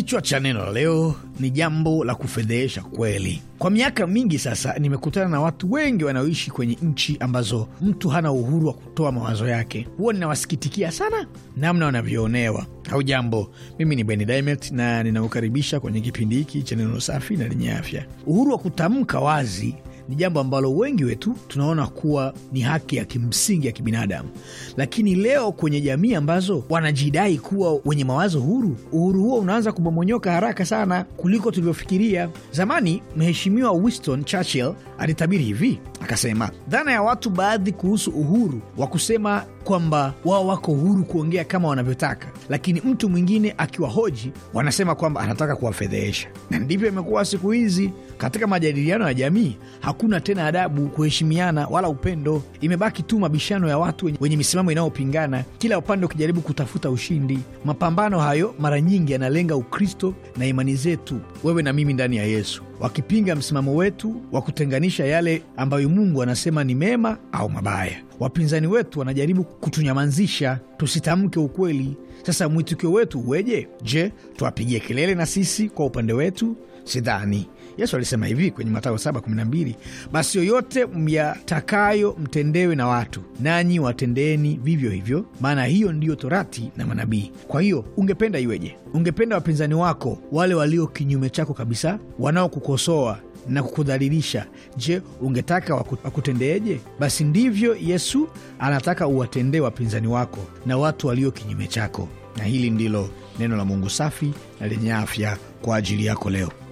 Kichwa cha neno la leo ni jambo la kufedhehesha kweli. Kwa miaka mingi sasa, nimekutana na watu wengi wanaoishi kwenye nchi ambazo mtu hana uhuru wa kutoa mawazo yake. Huwa ninawasikitikia sana namna wanavyoonewa. Au jambo, mimi ni Ben Dimet na ninaukaribisha kwenye kipindi hiki cha neno safi na lenye afya. Uhuru wa kutamka wazi ni jambo ambalo wengi wetu tunaona kuwa ni haki ya kimsingi ya kibinadamu, lakini leo kwenye jamii ambazo wanajidai kuwa wenye mawazo huru, uhuru huo unaanza kubomonyoka haraka sana kuliko tulivyofikiria. Zamani Mheshimiwa Winston Churchill alitabiri hivi akasema, dhana ya watu baadhi kuhusu uhuru wa kusema kwamba wao wako huru kuongea kama wanavyotaka, lakini mtu mwingine akiwahoji wanasema kwamba anataka kuwafedhehesha. Na ndivyo imekuwa siku hizi. Katika majadiliano ya jamii hakuna tena adabu, kuheshimiana wala upendo. Imebaki tu mabishano ya watu wenye misimamo inayopingana, kila upande ukijaribu kutafuta ushindi. Mapambano hayo mara nyingi yanalenga Ukristo na imani zetu, wewe na mimi ndani ya Yesu wakipinga msimamo wetu wa kutenganisha yale ambayo Mungu anasema ni mema au mabaya. Wapinzani wetu wanajaribu kutunyamanzisha tusitamke ukweli. Sasa mwitikio wetu uweje? Je, tuwapigie kelele na sisi kwa upande wetu? Sidhani. Yesu alisema hivi kwenye Mathayo 7:12, basi yoyote myatakayo mtendewe na watu, nanyi watendeeni vivyo hivyo, maana hiyo ndiyo torati na manabii. Kwa hiyo ungependa iweje? Ungependa wapinzani wako, wale walio kinyume chako kabisa, wanaokukosoa na kukudhalilisha, je, ungetaka wakutendeeje? Basi ndivyo Yesu anataka uwatendee wapinzani wako na watu walio kinyume chako. Na hili ndilo neno la Mungu safi na lenye afya kwa ajili yako leo.